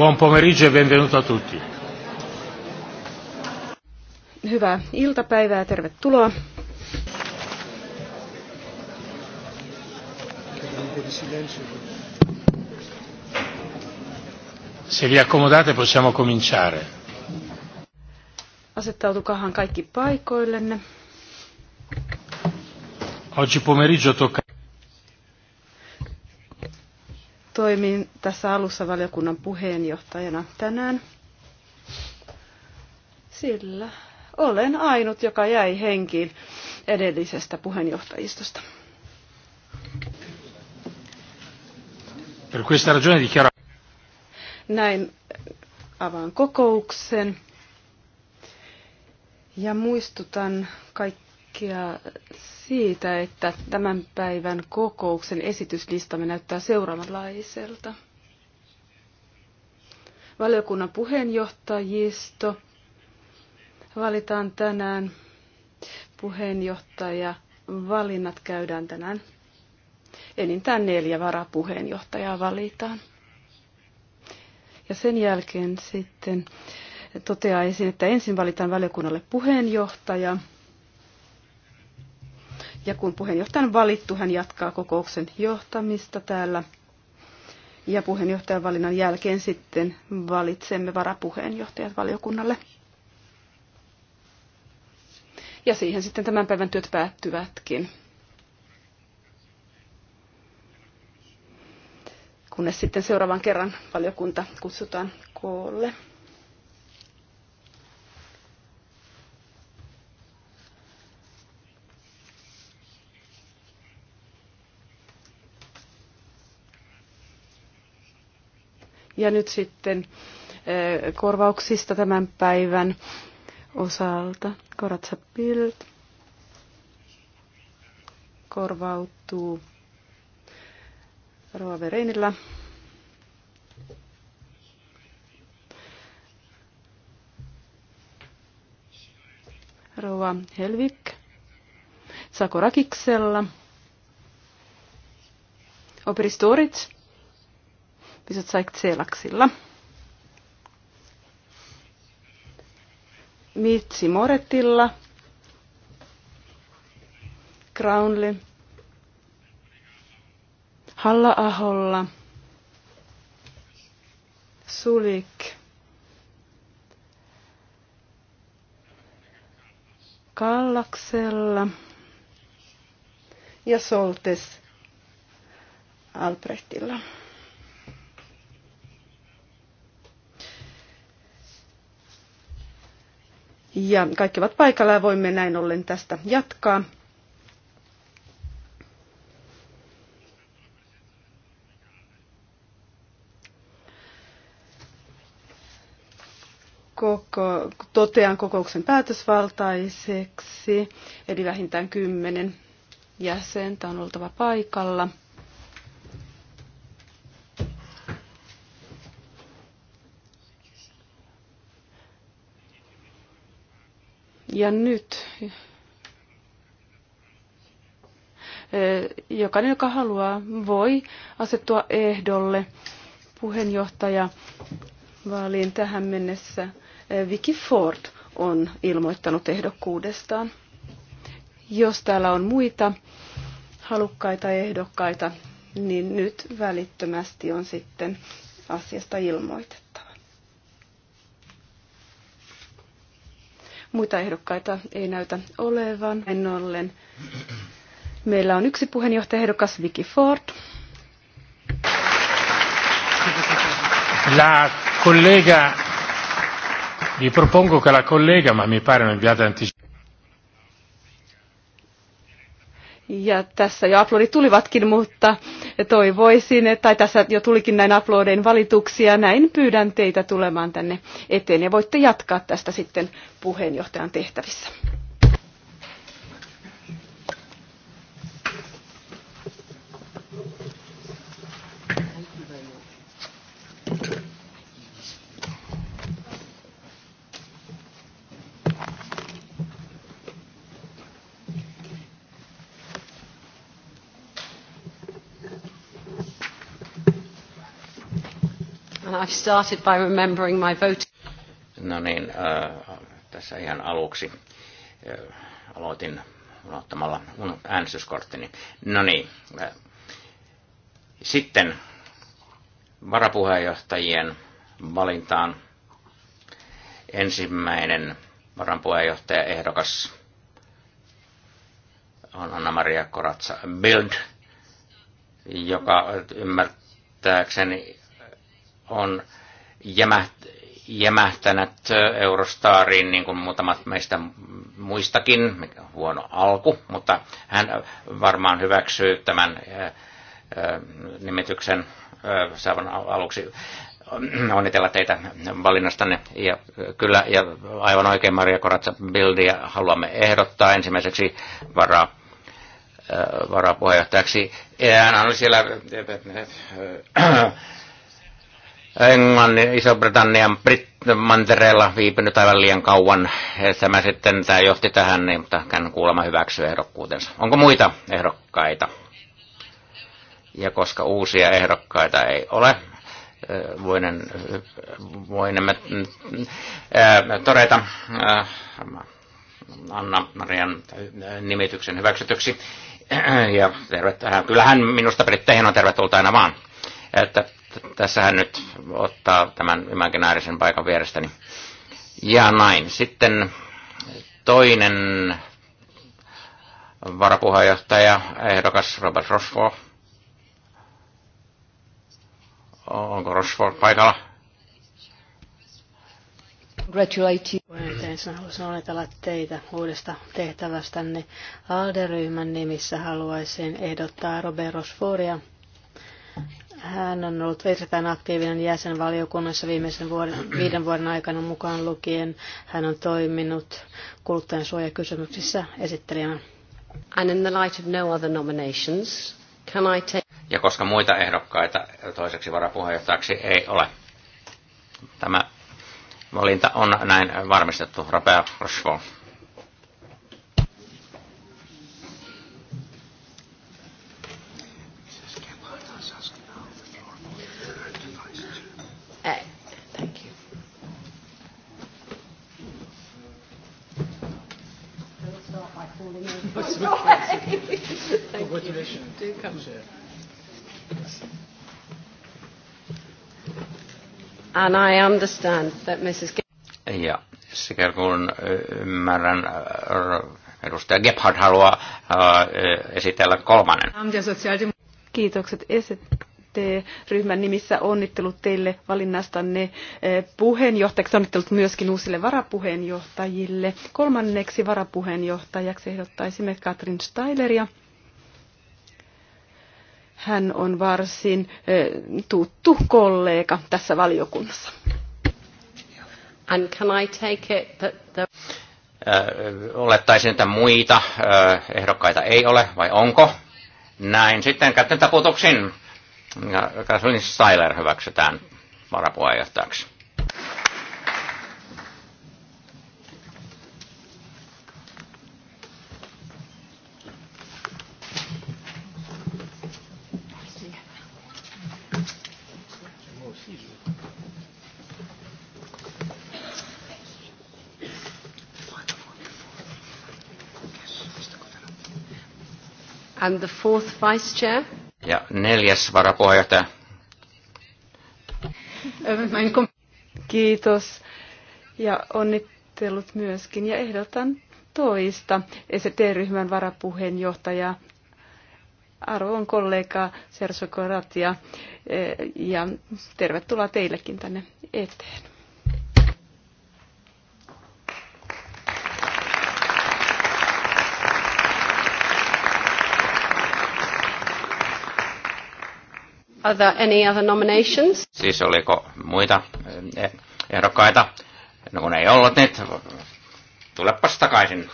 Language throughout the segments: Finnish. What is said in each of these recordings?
Buon pomeriggio e benvenuto a tutti. Hyvää iltapäivää, tervetuloa. Se vi accomodate possiamo cominciare. Asettautukahan kaikki paikoillenne. Oggi pomeriggio tocca toimin tässä alussa valiokunnan puheenjohtajana tänään, sillä olen ainut, joka jäi henkiin edellisestä puheenjohtajistosta. Per questa ragione dichiaro... Näin avaan kokouksen ja muistutan kaikkia siitä, että tämän päivän kokouksen esityslistamme näyttää seuraavanlaiselta. Valiokunnan puheenjohtajisto valitaan tänään. Puheenjohtaja valinnat käydään tänään. Enintään neljä varapuheenjohtajaa valitaan. Ja sen jälkeen sitten toteaisin, että ensin valitaan valiokunnalle puheenjohtaja. Ja kun puheenjohtaja on valittu, hän jatkaa kokouksen johtamista täällä. Ja puheenjohtajan valinnan jälkeen sitten valitsemme varapuheenjohtajat valiokunnalle. Ja siihen sitten tämän päivän työt päättyvätkin. Kunnes sitten seuraavan kerran valiokunta kutsutaan koolle. Ja nyt sitten korvauksista tämän päivän osalta. Koratsa Bild korvautuu rova vereinillä rova Helvik Sakorakiksella. Operistorit. Storits vysoce k selaksilla. Mitsi Moretilla, Crownly, Halla-aholla, Sulik, Kallaksella ja Soltes Albrechtilla. Ja kaikki ovat paikalla ja voimme näin ollen tästä jatkaa. koko, totean kokouksen päätösvaltaiseksi, eli vähintään kymmenen jäsentä on oltava paikalla. Ja nyt e, jokainen, joka haluaa, voi asettua ehdolle puheenjohtaja vaaliin tähän mennessä. E, Vicky Ford on ilmoittanut ehdokkuudestaan. Jos täällä on muita halukkaita ehdokkaita, niin nyt välittömästi on sitten asiasta ilmoitettu. Muita ehdokkaita ei näytä olevan. En ollen. Meillä on yksi puheenjohtajaehdokas, Vicky Ford. La collega, vi propongo che la collega, ma mi pare un'inviata anticipata. Ja tässä jo uploadit tulivatkin, mutta toivoisin, tai tässä jo tulikin näin uploadein valituksia. Näin pyydän teitä tulemaan tänne eteen ja voitte jatkaa tästä sitten puheenjohtajan tehtävissä. I've started by remembering my No niin, äh, tässä ihan aluksi äh, aloitin unohtamalla mun äänestyskorttini. No niin, äh, sitten varapuheenjohtajien valintaan ensimmäinen varapuheenjohtaja ehdokas on Anna-Maria Koratsa Bild, joka ymmärtääkseni on jämähtänyt eurostarin, niin kuin muutamat meistä muistakin, mikä on huono alku, mutta hän varmaan hyväksyy tämän äh, äh, nimityksen äh, saavan aluksi onnitella teitä valinnastanne. Ja kyllä, ja aivan oikein Maria Koratsa Bildia haluamme ehdottaa ensimmäiseksi varaa varapuheenjohtajaksi. Hän oli siellä Englannin, Iso-Britannian Brit- mantereella viipynyt aivan liian kauan. Tämä sitten tämä johti tähän, niin, mutta hän kuulemma hyväksyy ehdokkuutensa. Onko muita ehdokkaita? Ja koska uusia ehdokkaita ei ole, eh, voinen, voinemme eh, todeta eh, Anna-Marian nimityksen hyväksytyksi. Ja tervet, kyllähän minusta britteihin on tervetullut aina vaan. Että tässähän nyt ottaa tämän imaginaarisen paikan vierestäni. Ja näin. Sitten toinen varapuheenjohtaja, ehdokas Robert Rosvo. Onko Rosvo, paikalla? Congratulate you. Ensin haluaisin onnitella teitä uudesta tehtävästänne. Alderyhmän nimissä haluaisin ehdottaa Robert Rosforia hän on ollut verrattain aktiivinen jäsenvaliokunnassa viimeisen vuoden, viiden vuoden aikana mukaan lukien. Hän on toiminut kuluttajansuojakysymyksissä esittelijänä. And in the light of no other nominations, can I take... Ja koska muita ehdokkaita toiseksi varapuheenjohtajaksi ei ole, tämä valinta on näin varmistettu. Rapea Rochefort. up by falling over. Congratulations. Do come. And I understand that Mrs. Ja sikäli kun ymmärrän, edustaja Gebhard haluaa esitellä kolmannen. Kiitokset esittelystä. ST-ryhmän nimissä onnittelut teille valinnastanne eh, puheenjohtajaksi. Onnittelut myöskin uusille varapuheenjohtajille. Kolmanneksi varapuheenjohtajaksi ehdottaisimme Katrin Steileria. Hän on varsin eh, tuttu kollega tässä valiokunnassa. And can I take it that the... Eh, olettaisin, että muita ehdokkaita ei ole, vai onko? Näin sitten kätten taputuksin Kathleen Styler hyväksytään varapuheenjohtajaksi. And the fourth vice chair? Ja neljäs varapuheenjohtaja. Kiitos ja onnittelut myöskin ja ehdotan toista ST-ryhmän varapuheenjohtajaa arvon kollegaa Serso Koratia eh, ja tervetuloa teillekin tänne eteen. Are there any other nominations? Siis oliko muita eh, ehdokkaita? No kun ei ollut, niin tulepas takaisin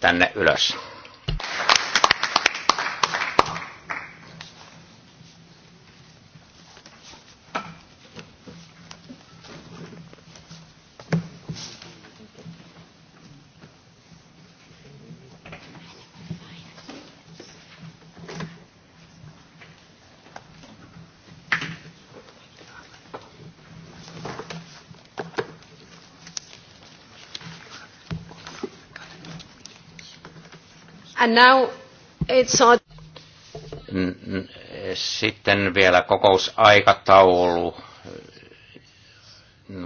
tänne ylös. And now it's mm, mm, Sitten vielä kokousaikataulu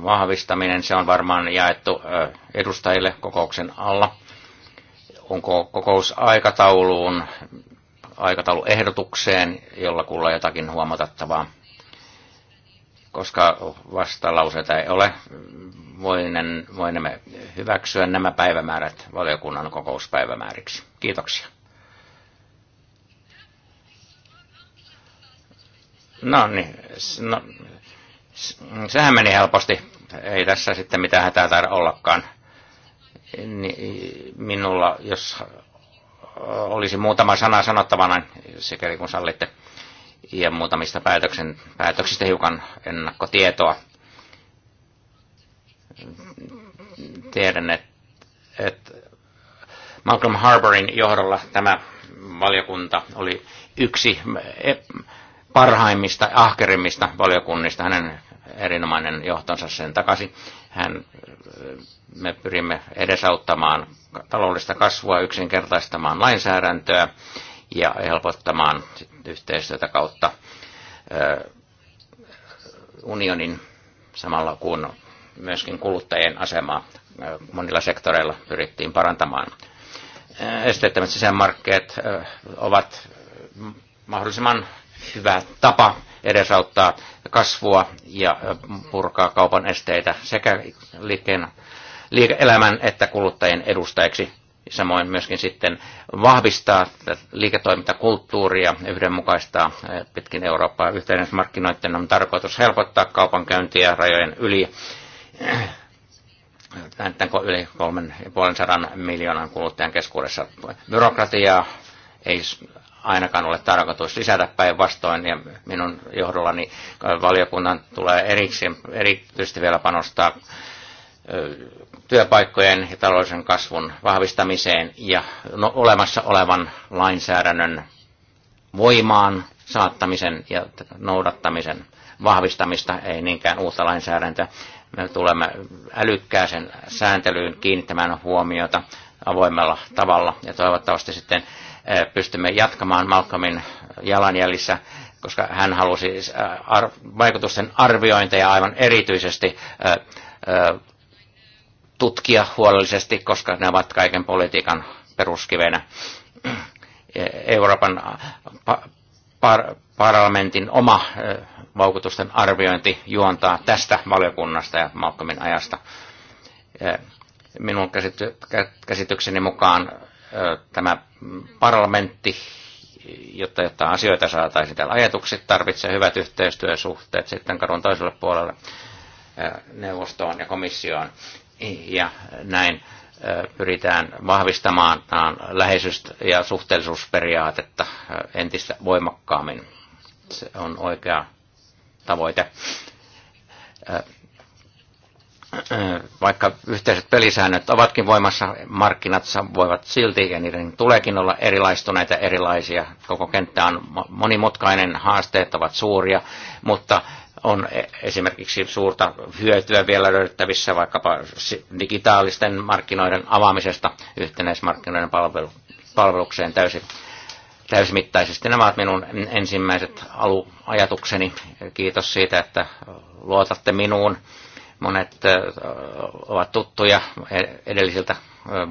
vahvistaminen, se on varmaan jaettu edustajille kokouksen alla. Onko kokousaikatauluun, aikatauluehdotukseen jollakulla jotakin huomatattavaa? koska vastalauseita ei ole, voinemme hyväksyä nämä päivämäärät valiokunnan kokouspäivämääriksi. Kiitoksia. No niin, no, sehän meni helposti. Ei tässä sitten mitään hätää taida ollakaan. Minulla, jos olisi muutama sana sanottavana, niin sikäli kun sallitte ja muutamista päätöksen, päätöksistä hiukan ennakkotietoa. Tiedän, että, että Malcolm Harbourin johdolla tämä valiokunta oli yksi e, parhaimmista, ahkerimmista valiokunnista. Hänen erinomainen johtonsa sen takaisin. Hän, me pyrimme edesauttamaan taloudellista kasvua, yksinkertaistamaan lainsäädäntöä ja helpottamaan yhteistyötä kautta unionin samalla kun myöskin kuluttajien asemaa monilla sektoreilla pyrittiin parantamaan. Esteettömät sisämarkkeet ovat mahdollisimman hyvä tapa edesauttaa kasvua ja purkaa kaupan esteitä sekä liikkeen, liike-elämän että kuluttajien edustajiksi samoin myöskin sitten vahvistaa liiketoimintakulttuuria, yhdenmukaistaa eh, pitkin Eurooppaa. Yhteydensmarkkinoiden on tarkoitus helpottaa kaupankäyntiä rajojen yli eh, tämän yli 350 miljoonan kuluttajan keskuudessa. Byrokratiaa ei ainakaan ole tarkoitus lisätä päinvastoin, ja minun johdollani eh, valiokunnan tulee erikseen, erityisesti vielä panostaa työpaikkojen ja taloudellisen kasvun vahvistamiseen ja no, olemassa olevan lainsäädännön voimaan saattamisen ja noudattamisen vahvistamista, ei niinkään uutta lainsäädäntöä. Me tulemme älykkääseen sääntelyyn kiinnittämään huomiota avoimella tavalla ja toivottavasti sitten pystymme jatkamaan Malcolmin jalanjäljissä koska hän halusi vaikutusten arviointeja aivan erityisesti tutkia huolellisesti, koska ne ovat kaiken politiikan peruskivenä. Euroopan par- parlamentin oma vaikutusten arviointi juontaa tästä valiokunnasta ja Malcolmin ajasta. Minun käsitykseni mukaan tämä parlamentti, jotta, jotta asioita saataisiin täällä ajatuksi, tarvitsee hyvät yhteistyösuhteet sitten kadun toiselle puolelle neuvostoon ja komissioon ja näin pyritään vahvistamaan läheisyys- ja suhteellisuusperiaatetta entistä voimakkaammin. Se on oikea tavoite. Vaikka yhteiset pelisäännöt ovatkin voimassa, markkinat voivat silti ja niiden tuleekin olla erilaistuneita erilaisia. Koko kenttä on monimutkainen, haasteet ovat suuria, mutta on e- esimerkiksi suurta hyötyä vielä löydettävissä vaikkapa digitaalisten markkinoiden avaamisesta yhtenäismarkkinoiden palvelu, palvelukseen täysin täysimittaisesti. Nämä ovat minun ensimmäiset aluajatukseni. Kiitos siitä, että luotatte minuun Monet ovat tuttuja e, edellisiltä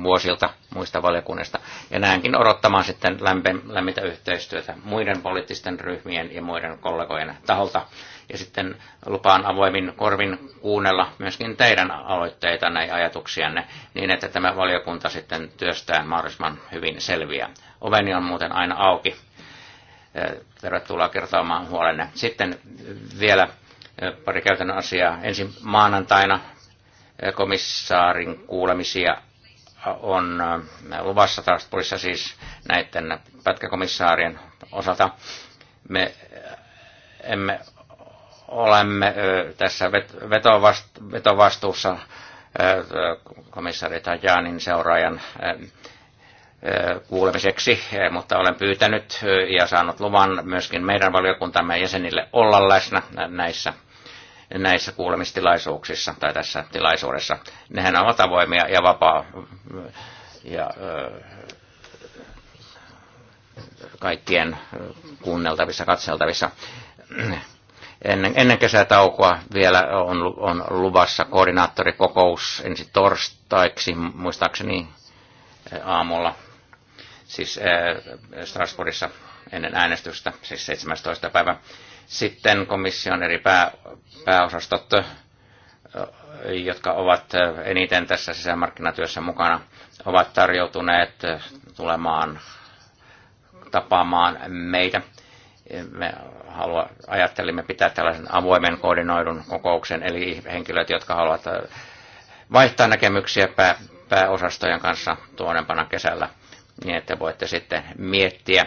vuosilta muista valiokunnista. Ja näenkin odottamaan sitten lämmintä yhteistyötä muiden poliittisten ryhmien ja muiden kollegojen taholta. Ja sitten lupaan avoimin korvin kuunnella myöskin teidän aloitteita ja ajatuksianne niin, että tämä valiokunta sitten työstää mahdollisimman hyvin selviä. Oveni on muuten aina auki. Tervetuloa kertomaan huolenne. Sitten vielä pari käytännön asiaa. Ensin maanantaina komissaarin kuulemisia on luvassa Strasbourgissa siis näiden pätkäkomissaarien osalta. Me emme olemme tässä vetovastuussa komissaari Tajanin seuraajan kuulemiseksi, mutta olen pyytänyt ja saanut luvan myöskin meidän valiokuntamme jäsenille olla läsnä näissä näissä kuulemistilaisuuksissa tai tässä tilaisuudessa. Nehän ovat avoimia ja vapaa ja kaikkien kuunneltavissa, katseltavissa. Ennen, ennen kesätaukoa vielä on, on luvassa koordinaattorikokous ensi torstaiksi, muistaakseni aamulla, siis Strasbourgissa ennen äänestystä, siis 17. päivä sitten komission eri pää, pääosastot, jotka ovat eniten tässä sisämarkkinatyössä mukana, ovat tarjoutuneet tulemaan tapaamaan meitä. Me halua, ajattelimme pitää tällaisen avoimen koordinoidun kokouksen, eli henkilöt, jotka haluavat vaihtaa näkemyksiä pää, pääosastojen kanssa tuonempana kesällä, niin että voitte sitten miettiä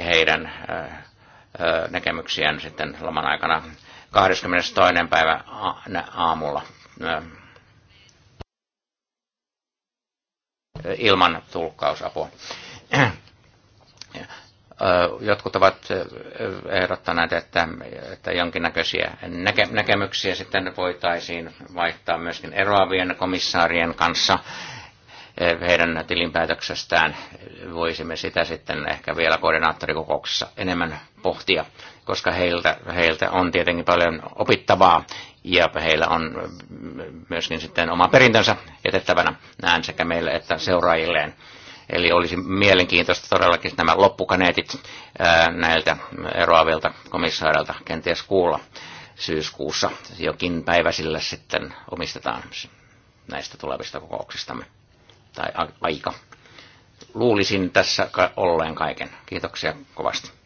heidän näkemyksiään sitten laman aikana 22. päivä aamulla ilman tulkkausapua. Jotkut ovat ehdottaneet, että, että jonkinnäköisiä näke, näkemyksiä sitten voitaisiin vaihtaa myöskin eroavien komissaarien kanssa Eh, heidän tilinpäätöksestään. Voisimme sitä sitten ehkä vielä koordinaattorikokouksessa enemmän pohtia, koska heiltä, heiltä on tietenkin paljon opittavaa ja heillä on myöskin sitten oma perintönsä jätettävänä näin sekä meille että seuraajilleen. Eli olisi mielenkiintoista todellakin nämä loppukaneetit näiltä eroavilta komissaarilta kenties kuulla syyskuussa. Jokin päivä sillä sitten omistetaan näistä tulevista kokouksistamme tai aika. Luulisin tässä olleen kaiken. Kiitoksia kovasti.